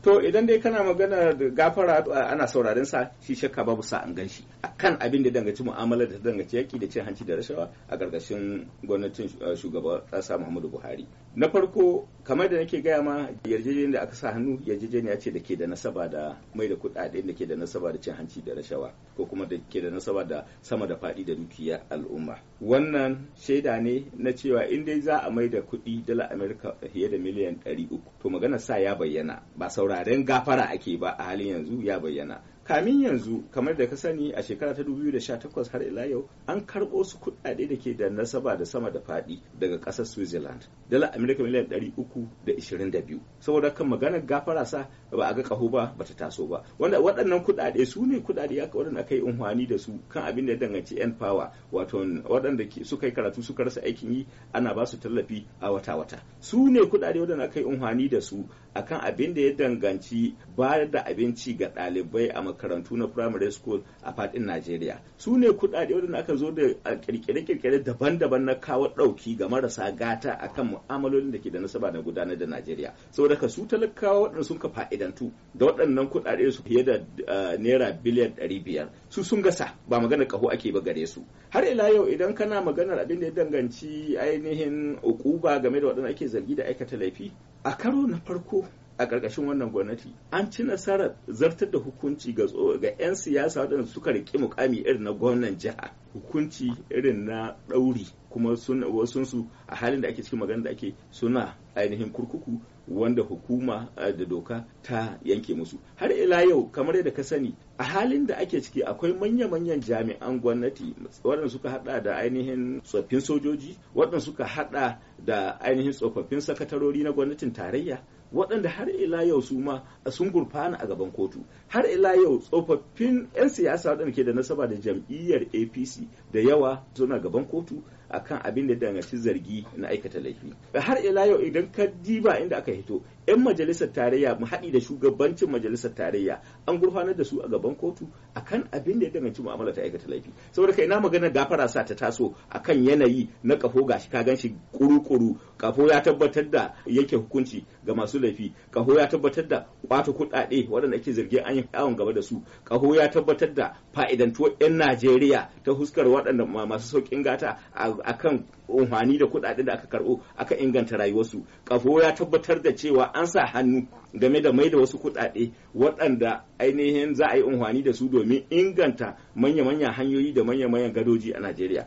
To idan dai kana magana da gafara ana sauraren sa shi shakka babu sa an ganshi akan abin da dangaci mu'amala da dangaci yaki da cin hanci da rashawa a gargashin gwamnatin eh, shugaban kasa Muhammadu Buhari. Na farko kamar da nake gaya ma yarjejeniyar da aka sa hannu yarjejeniya ce da ke da nasaba da mai da kuɗaɗe da ke da nasaba da cin hanci da rashawa ko kuma da ke da nasaba da sama da faɗi da dukiya al'umma. Wannan shaida ne na cewa in dai za a mai da kuɗi dala Amerika fiye da miliyan ɗari uku to magana sa ya bayyana ba sauran sauraren gafara ake ba a halin yanzu ya bayyana kamin yanzu kamar da ka sani a shekara ta 2018 har ila yau an karɓo su kuɗaɗe da ke da nasaba da sama da faɗi daga ƙasar switzerland dala amerika miliyan 322 saboda kan magana gafara sa ba a ga kaho ba ba ta taso ba wanda waɗannan kuɗaɗe su ne kuɗaɗe ya kawo aka yi unhwani da su kan abin da ya danganci yan power wato waɗanda suka yi karatu suka rasa aikin yi ana ba su tallafi a wata-wata su ne kuɗaɗe waɗanda aka yi unhwani da su akan abin da ya danganci bayar da abinci ga ɗalibai a Karantu na primary school a fadin Najeriya su ne kuɗaɗe wadanda aka zo da kirkire-kirkire daban-daban na kawo ɗauki ga marasa gata a kan mu'amalolin da ke da nasaba na gudanar da Najeriya saboda ka su talakawa waɗanda sun ka fa'idantu da waɗannan kuɗaɗe su fiye da eh, naira biliyan ɗari biyar su sun gasa ba maganar kaho ake ba gare su har ila yau idan kana maganar abin da ya danganci ainihin ukuba game da waɗanda ake zargi da aikata laifi a karo na farko a ƙarƙashin wannan gwamnati an ci nasarar zartar da hukunci ga ga 'yan siyasa waɗanda suka riƙe mukami irin na gwamnan jiha hukunci irin na ɗauri kuma wasunsu a halin da ake cikin magana da ake suna ainihin kurkuku wanda hukuma eh, da doka ta yanke musu har ila yau kamar yadda ka sani a halin da ake ciki akwai manya-manyan jami'an gwamnati waɗanda suka hada da ainihin tsoffin sojoji waɗanda suka hada da ainihin tsofaffin sakatarori na gwamnatin tarayya waɗanda har ila yau su ma sun gurfana a gaban kotu har ila yau tsofaffin 'yan siyasa waɗanda ke da nasaba da jam'iyyar apc da yawa suna gaban kotu akan abin da danganci zargi na aikata laifi har ila yau idan ka diba inda aka aka hito 'yan majalisar tarayya mu haɗi da shugabancin majalisar tarayya an gurfanar da su a gaban kotu akan abin da ya danganci mu'amala ta aikata laifi saboda kai na magana gafara sa ta taso akan yanayi na kafo gashi ka ganshi kuru-kuru kafo ya tabbatar da yake hukunci ga masu laifi kafo ya tabbatar da kwato kudade waɗanda ake zargi an yi awon gaba da su kafo ya tabbatar da fa'idantuwa 'yan najeriya ta huskar waɗanda masu sauƙin gata a kan umarni da kudade da aka karɓo aka inganta rayuwarsu kafo ya tabbatar da cewa an sa hannu game da mai da wasu kudade waɗanda ainihin za a yi umarni da su domin inganta manya-manyan hanyoyi da manya-manyan gadoji a najeriya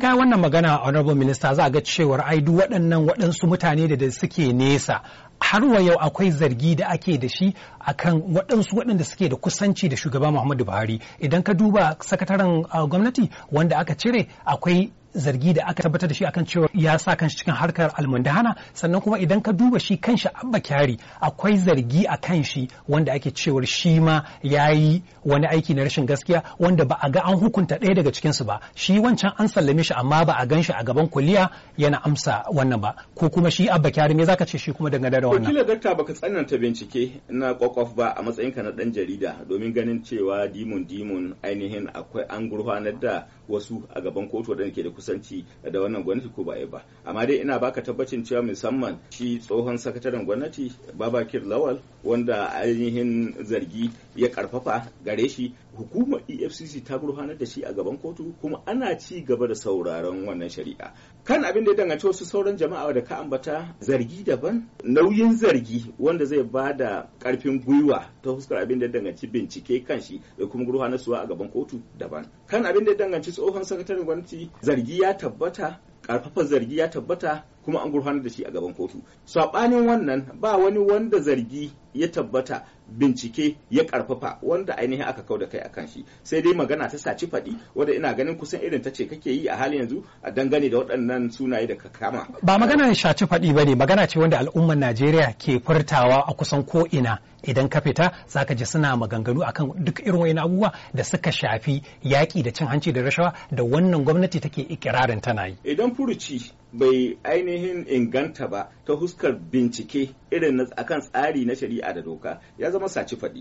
Ga wannan magana honorable minister za a ga cewar ai duk waɗannan waɗansu mutane da suke nesa har wa yau akwai zargi da ake da shi akan waɗansu waɗanda suke da kusanci da shugaba Muhammadu Buhari idan ka duba sakataren ah, gwamnati wanda aka cire akwai zargi da aka tabbatar da shi akan cewa ya sa kanshi cikin harkar almundahana sannan kuma idan ka duba shi kanshi abba kyari akwai zargi a kan shi wanda ake cewar shi ma ya yi wani aiki na rashin gaskiya wanda ba a ga an hukunta ɗaya daga cikinsu ba shi wancan an sallame shi amma ba a gan shi a gaban kuliya yana amsa wannan ba ko kuma shi abba kyari me zaka ce shi kuma dangane da wannan kila dakta baka tsananta bincike na kwakwaf ba a matsayin ka na dan jarida domin ganin cewa dimun dimon ainihin akwai an gurfanar da wasu a gaban kotu wadanda ke da kusa kusanci da wannan gwamnati ko ba a yi ba amma dai ina baka tabbacin cewa musamman shi tsohon sakataren gwamnati babakir lawal wanda ainihin zargi ya karfafa gare shi hukumar efcc ta gurfanar da shi a gaban kotu kuma ana ci gaba da sauraron wannan shari'a kan abin da ya danganci wasu sauran jama'a da ka ambata zargi daban nauyin zargi wanda zai ba da karfin gwiwa ta fuskar abin da ya danganci bincike kan shi da kuma gurfanar suwa a gaban kotu daban kan abin da ya danganci tsohon sakataren gwamnati zargi zargi ya tabbata ƙarfafa zargi ya tabbata kuma an gurfanar da shi a gaban kotu saɓanin wannan ba wani wanda zargi ya tabbata bincike ya karfafa wanda ainihin aka kau da kai akan shi sai dai magana ta saci faɗi wadda ina ganin kusan irin ta ce kake yi a hali yanzu a dangane da waɗannan sunaye da ka kama ba magana ya shaci faɗi ba ne magana ce wanda al'ummar najeriya ke furtawa a kusan ko ina idan ka fita zaka ji suna maganganu akan duk irin wani abubuwa da suka shafi yaƙi da cin hanci da rashawa da wannan gwamnati take ikirarin tana yi idan furuci bai ainihin inganta ba ta huskar bincike irin akan tsari na shari'a da doka ya zama saci faɗi